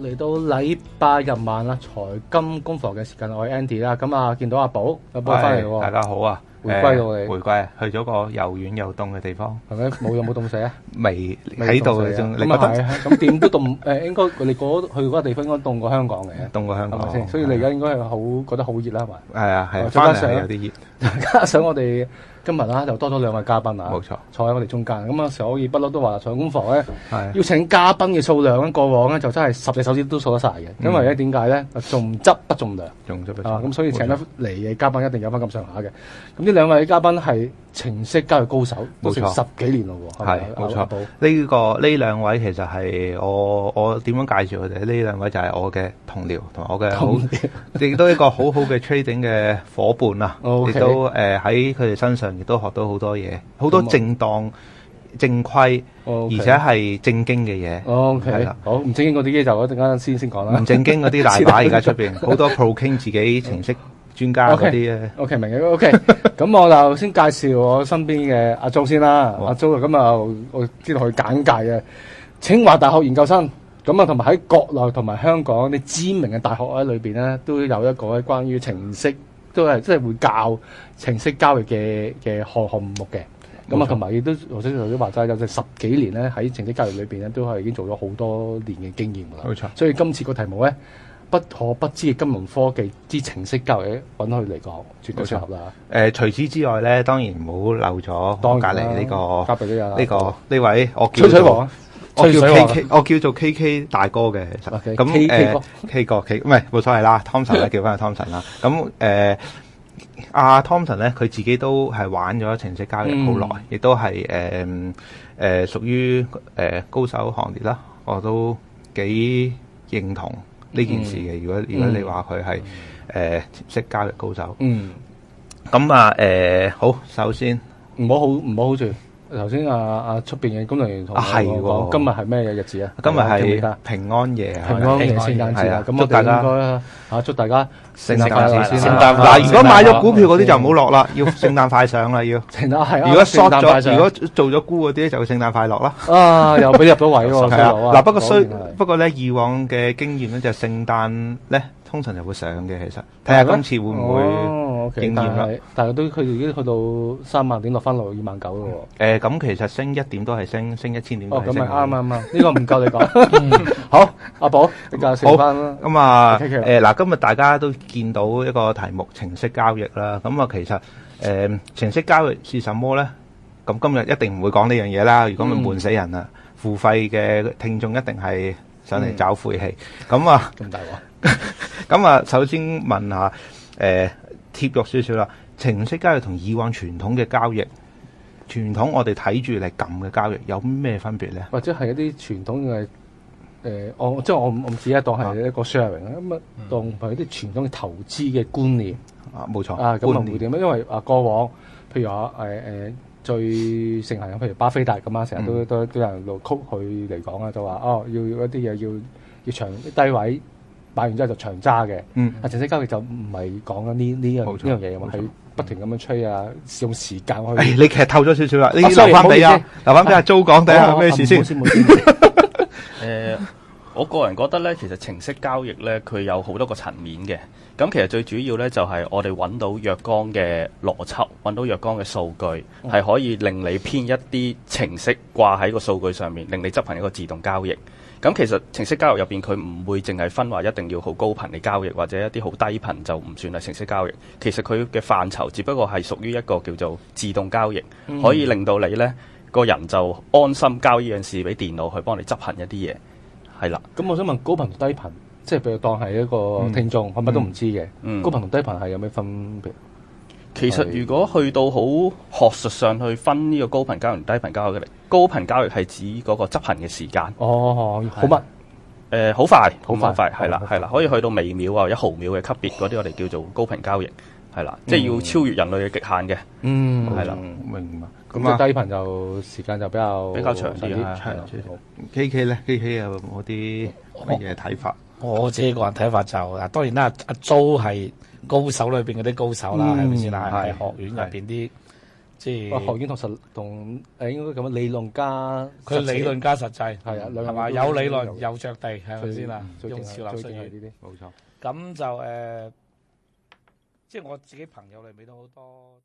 嚟到禮拜日晚啦，財金工房嘅時間，我係 Andy 啦。咁啊，見到阿寶，阿寶翻嚟喎。大家好啊，回歸到你，回歸，去咗個又遠又凍嘅地方，係咪？冇有冇凍死啊？未喺度，你仲咁係，咁點都凍誒？應該你嗰去嗰個地方應該凍過香港嘅，凍過香港。所以你而家應該係好覺得好熱啦，係咪？係啊，係翻嚟有啲熱，加上我哋。今日啦，就多咗兩位嘉賓啊！冇錯，坐喺我哋中間。咁啊，所以不嬲都話，財金工房咧，係，要請嘉賓嘅數量咧，過往咧就真係十隻手指都數得晒嘅。因為咧點解咧？重質不重量，重質不重量。咁所以請得嚟嘅嘉賓一定有翻咁上下嘅。咁呢兩位嘉賓係程式交易高手，冇錯，十幾年嘞喎。係，冇錯，呢個呢兩位其實係我我點樣介紹佢哋？呢兩位就係我嘅同僚，同埋我嘅好，亦都一個好好嘅 trading 嘅伙伴啊。亦都誒喺佢哋身上。亦都學到好多嘢，好多正當、正規，oh, okay. 而且係正經嘅嘢。Oh, OK，好唔、oh, 正經嗰啲嘢就一陣間先先講啦。唔正經嗰啲大把現在面，而家出邊好多 pro King 自己程式專家嗰啲咧。OK，明嘅。OK，咁我就先介紹我身邊嘅阿周先啦。Oh. 阿周，咁啊，我知道佢簡介嘅，清華大學研究生。咁啊，同埋喺國內同埋香港啲知名嘅大學喺裏邊咧，都有一個關於程式。都係即係會教程式交易嘅嘅項項目嘅，咁啊同埋亦都，我想頭先話齋有成十幾年咧喺程式交易裏面咧，都係已經做咗好多年嘅經驗啦。冇錯，所以今次個題目咧，不可不知嘅金融科技之程式交易，搵佢嚟講絕對適合啦。誒，除此之外咧，當然唔好漏咗當隔離呢個，隔離呢個呢位我。叫。吹水啊！我叫 K K，我叫做 K K 大哥嘅，其實。咁 K K 哥，K 唔係冇所謂啦。Tomson 咧叫返阿 Tomson 啦。咁誒阿 Tomson 咧，佢自己都係玩咗程式交易好耐，亦都係誒誒屬於誒高手行列啦。我都幾認同呢件事嘅。如果如果你話佢係誒程式交易高手，嗯。咁啊誒好，首先唔好好唔好好住。頭先阿阿出邊嘅工作人員同我講，今日係咩嘅日子啊？今日係平安夜，平安夜聖誕節啊！咁我祝大家啊，祝大家聖誕快樂！聖誕快樂！嗱，如果買咗股票嗰啲就唔好落啦，要聖誕快升啦要。聖誕係啊！如果 short 咗，如果做咗沽嗰啲，就聖誕快樂啦。啊，又俾入咗位喎！係啊，嗱，不過需不過咧，以往嘅經驗咧就聖誕咧通常就會上嘅，其實。睇下今次會唔會？經驗係，但係都佢哋已經去到三萬點落翻落二萬九咯喎。誒，咁其實升一點都係升，升一千點都係升。哦，咁咪啱啱啊，呢個唔夠你講。好，阿寶，教我食翻啦。咁啊，誒嗱，今日大家都見到一個題目：程式交易啦。咁啊，其實誒，程式交易是什麼咧？咁今日一定唔會講呢樣嘢啦，如果唔係悶死人啦。付費嘅聽眾一定係上嚟找晦氣。咁啊，咁大鑊。咁啊，首先問下誒。貼肉少少啦，程式交易同以往傳統嘅交易，傳統我哋睇住嚟撳嘅交易有咩分別咧？或者係一啲傳統嘅誒、呃，我即係我唔唔止一當係一個 sharing 啊，咁啊當係一啲傳統嘅投資嘅觀念啊，冇錯啊，咁同觀念點咧？因為啊，過往譬如話，誒、呃、誒最盛行嘅，譬如巴菲特咁啊，成日都都、嗯、都有人錄曲佢嚟講啊，就話哦，要一啲嘢要要長低位。買完之後就長揸嘅，嗯，啊、這個，程式交易就唔係講緊呢呢樣呢樣嘢啊，係不停咁樣吹啊，用時間去，你其實透咗少少啦，你留翻俾啊，留翻俾啊租港地啊，咩事先？我個人覺得呢，其實程式交易呢，佢有好多個層面嘅。咁其實最主要呢，就係、是、我哋揾到若干嘅邏輯，揾到若干嘅數據，係、嗯、可以令你編一啲程式掛喺個數據上面，令你執行一個自動交易。咁其實程式交易入面，佢唔會淨係分話一定要好高頻嘅交易，或者一啲好低頻就唔算係程式交易。其實佢嘅範疇，只不過係屬於一個叫做自動交易，嗯、可以令到你呢個人就安心交呢樣事俾電腦去幫你執行一啲嘢。係啦，咁我想問高頻同低頻，即係譬如當係一個聽眾，係乜、嗯、都唔知嘅，嗯、高頻同低頻係有咩分別？其實如果去到好學術上去分呢個高頻交易同低頻交易，嘅高頻交易係指嗰個執行嘅時間。哦，好乜的？誒、嗯，好快，好快快係啦，係啦，可以去到微秒或一毫秒嘅級別嗰啲，我哋叫做高頻交易。係啦，即係要超越人類嘅極限嘅。嗯，係啦，明白。咁啊，低頻就時間就比較比較長啲啊。K K 咧，K K 有冇啲乜嘢睇法？我自己個人睇法就啊，當然啦，阿周係高手裏邊嗰啲高手啦，係咪先啦？係學院入邊啲，即係學院同實同誒應該咁啊，理論加佢理論加實際係啊，係嘛？有理論有著地係咪先啦？用潮流式嘅呢啲冇錯。咁就誒。即係我自己朋友你咪都好多。